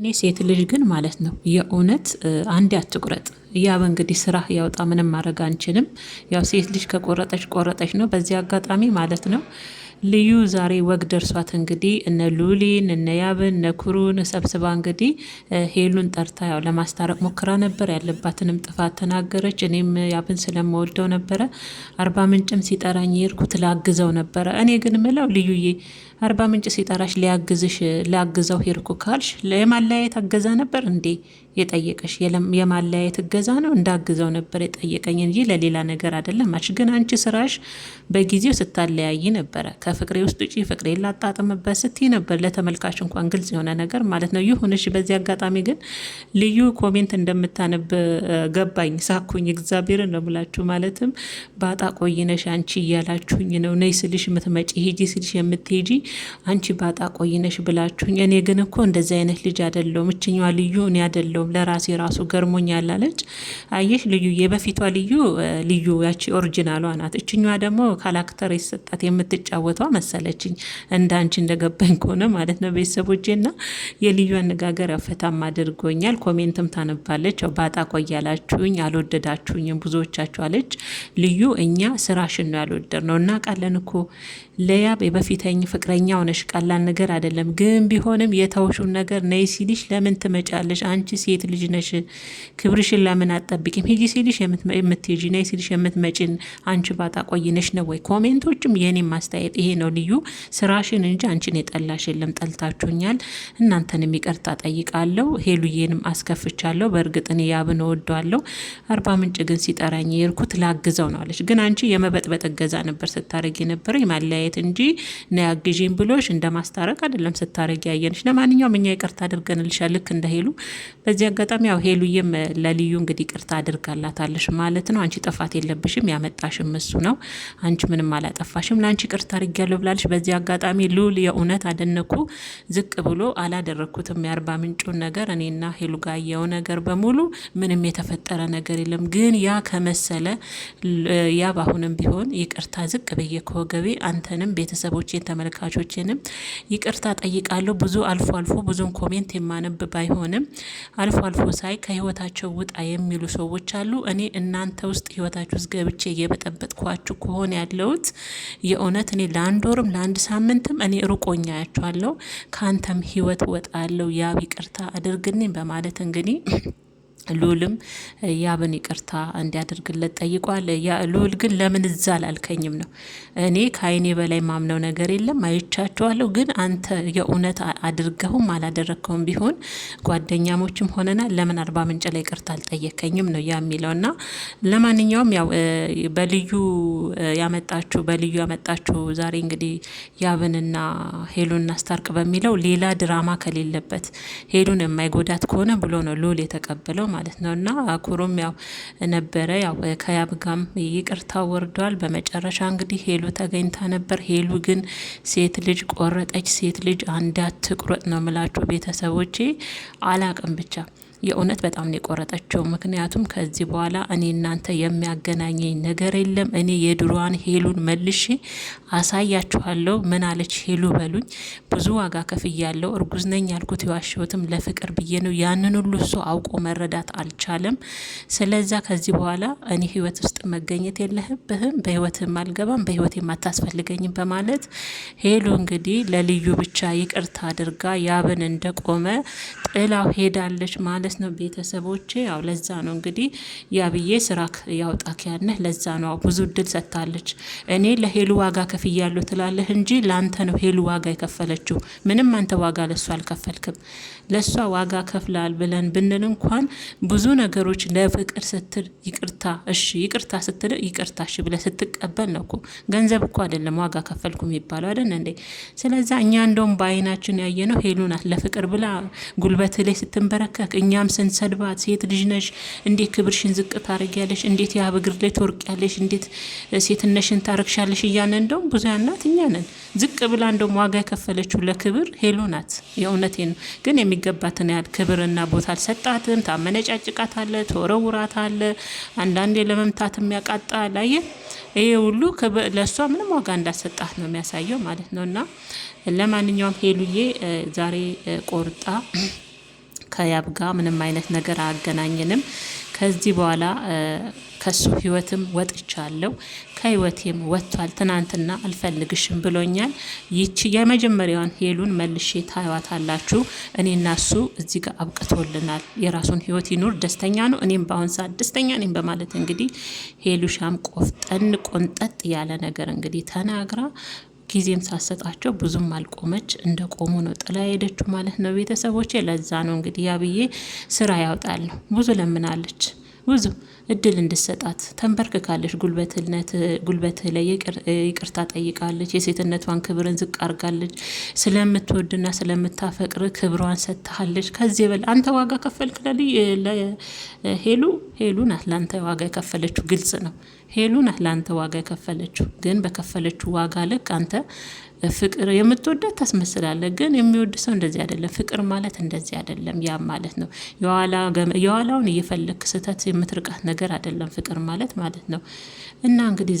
እኔ ሴት ልጅ ግን ማለት ነው የእውነት አንዴ አትቁረጥ ያብ እንግዲህ ስራ ያውጣ፣ ምንም ማድረግ አንችልም። ያው ሴት ልጅ ከቆረጠች ቆረጠች ነው። በዚህ አጋጣሚ ማለት ነው ልዩ ዛሬ ወግ ደርሷት እንግዲህ እነ ሉሊን እነ ያብን እነ ኩሩን ሰብስባ እንግዲህ ሄሉን ጠርታ ያው ለማስታረቅ ሞክራ ነበር። ያለባትንም ጥፋት ተናገረች። እኔም ያብን ስለምወደው ነበረ አርባ ምንጭም ሲጠራኝ የሄድኩት ላግዘው ነበረ። እኔ ግን ምለው ልዩዬ አርባ ምንጭ ሲጠራሽ ሊያግዝሽ ላግዘው ሄድኩ ካልሽ ለማለያየት አገዛ ነበር እንዴ? የጠየቀሽ የማለያየት እገዛ ነው እንዳግዘው ነበር የጠየቀኝ እንጂ ለሌላ ነገር አይደለም አልሽ። ግን አንቺ ስራሽ በጊዜው ስታለያይ ነበረ። ከፍቅሬ ውስጥ ውጪ ፍቅሬ ላጣጥምበት ስትይ ነበር፣ ለተመልካች እንኳን ግልጽ የሆነ ነገር ማለት ነው። ይሁንሽ። በዚህ አጋጣሚ ግን ልዩ ኮሜንት እንደምታነብ ገባኝ፣ ሳኩኝ። እግዚአብሔርን ነው የምላችሁ። ማለትም ባጣ ቆይነሽ አንቺ እያላችሁኝ ነው። ነይ ስልሽ የምትመጪ ሂጂ ስልሽ የምትሄጂ አንቺ ባጣ ቆይነሽ ብላችሁኝ። እኔ ግን እኮ እንደዚህ አይነት ልጅ አይደለሁም። እችኛዋ ልዩ እኔ አይደለሁም አላየሁም ለራሴ ራሱ ገርሞኛል አለች። አየሽ ልዩ የበፊቷ ልዩ ልዩ ያቺ ኦሪጂናሏ ናት። እችኛ ደግሞ ካላክተር የሰጣት የምትጫወቷ መሰለችኝ እንዳንቺ እንደገባኝ ከሆነ ማለት ነው። ቤተሰቦቼ እና የልዩ አነጋገር ያፈታም አድርጎኛል። ኮሜንትም ታነባለች። ባጣ ቆያላችሁኝ፣ አልወደዳችሁኝም ብዙዎቻችሁ አለች ልዩ። እኛ ስራሽን ነው ያልወደድ ነው እና ቃለን እኮ ለያብ በፊተኝ ፍቅረኛ ሆነሽ ቀላል ነገር አይደለም። ግን ቢሆንም የተውሹን ነገር ነይ ሲልሽ ለምን ትመጫለሽ? አንቺ ሴት ልጅ ነሽ፣ ክብርሽን ለምን አጠብቂም? ሂጂ ሲልሽ የምትሄጂ ነይ ሲልሽ የምትመጭን አንቺ ባታቆይ ነሽ ነው ወይ? ኮሜንቶችም የኔ ማስተያየት ይሄ ነው። ልዩ ስራሽን እንጂ አንቺን የጠላሽ የለም። ጠልታችሁኛል። እናንተንም ይቅርታ ጠይቃለሁ። ሄሉዬንም አስከፍቻለሁ። በእርግጥ እኔ ያብን እወደዋለሁ። አርባ ምንጭ ግን ሲጠራኝ የርኩት ላግዘው ነው አለች። ግን አንቺ የመበጥበጥ እገዛ ነበር ስታደርግ የነበረ ማለያየ ማየት እንጂ ነያግዥም ብሎሽ ማስታረቅ አይደለም ስታረግ ያየንሽ። ለማንኛውም እኛ ይቅርታ አድርገንልሻል ልክ እንደ ሄሉ። በዚህ አጋጣሚ ያው ሄሉዬም ለልዩ እንግዲህ ይቅርታ አድርጋላታለሽ ማለት ነው። አንቺ ጥፋት የለብሽም፣ ያመጣሽም እሱ ነው። አንቺ ምንም አላጠፋሽም። ለአንቺ ይቅርታ አድርጊያለሁ ብላለሽ። በዚህ አጋጣሚ ልዑል የእውነት አደነኩ። ዝቅ ብሎ አላደረግኩትም የአርባ ምንጩን ነገር እኔና ሄሉ ጋር ያየው ነገር በሙሉ ምንም የተፈጠረ ነገር የለም። ግን ያ ከመሰለ ያ ባሁንም ቢሆን ይቅርታ ዝቅ ብዬ ከወገቤ አንተን ሁላችንም ቤተሰቦቼን ተመልካቾቼንም ይቅርታ ጠይቃለሁ። ብዙ አልፎ አልፎ ብዙን ኮሜንት የማነብ ባይሆንም አልፎ አልፎ ሳይ ከህይወታቸው ውጣ የሚሉ ሰዎች አሉ። እኔ እናንተ ውስጥ ህይወታችሁ ውስጥ ገብቼ እየበጠበጥኳችሁ ከሆነ ያለሁት የእውነት እኔ ለአንድ ወርም ለአንድ ሳምንትም እኔ ሩቆኛ ያችኋለሁ። ከአንተም ህይወት ወጣለሁ ያብ ይቅርታ አድርግልኝ በማለት እንግዲህ ሉልም ያብን ይቅርታ እንዲያደርግለት ጠይቋል። ሉል ግን ለምን እዛ አላልከኝም ነው? እኔ ከአይኔ በላይ ማምነው ነገር የለም አይቻቸዋለሁ። ግን አንተ የእውነት አድርገውም አላደረግከውም ቢሆን ጓደኛሞችም ሆነና ለምን አርባ ምንጭ ላይ ቅርታ አልጠየከኝም ነው ያ የሚለው እና ለማንኛውም ያው በልዩ ያመጣችሁ በልዩ ያመጣችሁ ዛሬ እንግዲህ ያብንና ሄሉን እናስታርቅ በሚለው ሌላ ድራማ ከሌለበት ሄሉን የማይጎዳት ከሆነ ብሎ ነው ሉል የተቀበለው ማለት ነው። እና አኩሩም ያው ነበረ ያው ከያብ ጋም ይቅርታ ወርዷል። በመጨረሻ እንግዲህ ሄሉ ተገኝታ ነበር። ሄሉ ግን ሴት ልጅ ቆረጠች። ሴት ልጅ አንዳት ትቁረጥ ነው ምላችሁ ቤተሰቦቼ አላቅም ብቻ የእውነት በጣም ነው የቆረጠችው። ምክንያቱም ከዚህ በኋላ እኔ እናንተ የሚያገናኘኝ ነገር የለም። እኔ የድሮዋን ሄሉን መልሼ አሳያችኋለሁ። ምን አለች ሄሉ በሉኝ። ብዙ ዋጋ ከፍያለሁ። እርጉዝ ነኝ ያልኩት የዋሸሁትም ለፍቅር ብዬ ነው። ያንን ሁሉ እሱ አውቆ መረዳት አልቻለም። ስለዛ ከዚህ በኋላ እኔ ህይወት ውስጥ መገኘት የለህብህም፣ በህይወትም አልገባም፣ በህይወት የማታስፈልገኝም በማለት ሄሉ እንግዲህ ለልዩ ብቻ ይቅርታ አድርጋ ያብን እንደቆመ ጥላው ሄዳለች ማለት ማለት ነው ቤተሰቦቼ። ያው ለዛ ነው እንግዲህ ያብዬ ስራ ያውጣክ ያነህ ለዛ ነው ብዙ እድል ሰጥታለች። እኔ ለሄሉ ዋጋ ከፍያለሁ ትላለህ እንጂ ለአንተ ነው ሄሉ ዋጋ የከፈለችው። ምንም አንተ ዋጋ ለእሷ አልከፈልክም። ለእሷ ዋጋ ከፍላል ብለን ብንል እንኳን ብዙ ነገሮች ለፍቅር ስትል ይቅርታ፣ እሺ ይቅርታ ስትል ይቅርታ እሺ ብለህ ስትቀበል ነው እኮ ገንዘብ እኮ አይደለም ዋጋ ከፈልኩ የሚባለው አይደል እንዴ? ስለዚ እኛ እንደውም በአይናችን ያየነው ሄሉ ናት ለፍቅር ብላ ጉልበት ላይ ስትንበረከክ እኛ እኛም ስንሰድባት ሴት ልጅ ነሽ እንዴት ክብርሽን ዝቅ ታደርጊያለሽ? እንዴት የአብ እግር ላይ ትወርቂያለሽ? እንዴት ሴትነሽን ታረግሻለሽ? እያለ እንደውም ብዙ ያናት እኛ ነን። ዝቅ ብላ እንደውም ዋጋ የከፈለችው ለክብር ሄሎ ናት። የእውነቴ ነው። ግን የሚገባትን ያህል ክብርና ቦታ አልሰጣትም። ታመነጫጭቃት አለ፣ ተወረውራት አለ፣ አንዳንዴ ለመምታት የሚያቃጣ ላየ ይሄ ሁሉ ለእሷ ምንም ዋጋ እንዳሰጣት ነው የሚያሳየው ማለት ነው። እና ለማንኛውም ሄሉዬ ዛሬ ቆርጣ ከያብ ጋር ምንም አይነት ነገር አያገናኘንም። ከዚህ በኋላ ከሱ ህይወትም ወጥቻለሁ፣ ከህይወቴም ወጥቷል። ትናንትና አልፈልግሽም ብሎኛል። ይቺ የመጀመሪያዋን ሄሉን መልሼ ታዩዋታላችሁ። እኔና እሱ እዚህ ጋር አብቅቶልናል። የራሱን ህይወት ይኑር፣ ደስተኛ ነው፣ እኔም በአሁን ሰዓት ደስተኛ ነኝ በማለት እንግዲህ ሄሉሻም ቆፍጠን ቆንጠጥ ያለ ነገር እንግዲህ ተናግራ ጊዜም ሳሰጣቸው ብዙም አልቆመች እንደ ቆሙ ነው ጥላ ሄደችው ማለት ነው ቤተሰቦቼ። ለዛ ነው እንግዲህ ያብዬ ስራ ያውጣል ነው ብዙ ለምናለች። ውዙ እድል እንድሰጣት ተንበርክካለች። ጉልበት ላይ ይቅርታ ጠይቃለች። የሴትነቷን ክብርን ዝቅ አርጋለች። ስለምትወድና ስለምታፈቅር ክብሯን ሰጥታሃለች። ከዚህ በል አንተ ዋጋ ከፈልክ ሄሉ ሄሉ ናት ለአንተ ዋጋ የከፈለችው ግልጽ ነው። ሄሉ ናት ለአንተ ዋጋ የከፈለችው ግን በከፈለችው ዋጋ ልክ አንተ ፍቅር የምትወዳት ታስመስላለህ፣ ግን የሚወድ ሰው እንደዚህ አይደለም። ፍቅር ማለት እንደዚህ አይደለም። ያ ማለት ነው የኋላውን እየፈለክ ስህተት የምትርቃት ነገር አይደለም ፍቅር ማለት ማለት ነው እና እንግዲህ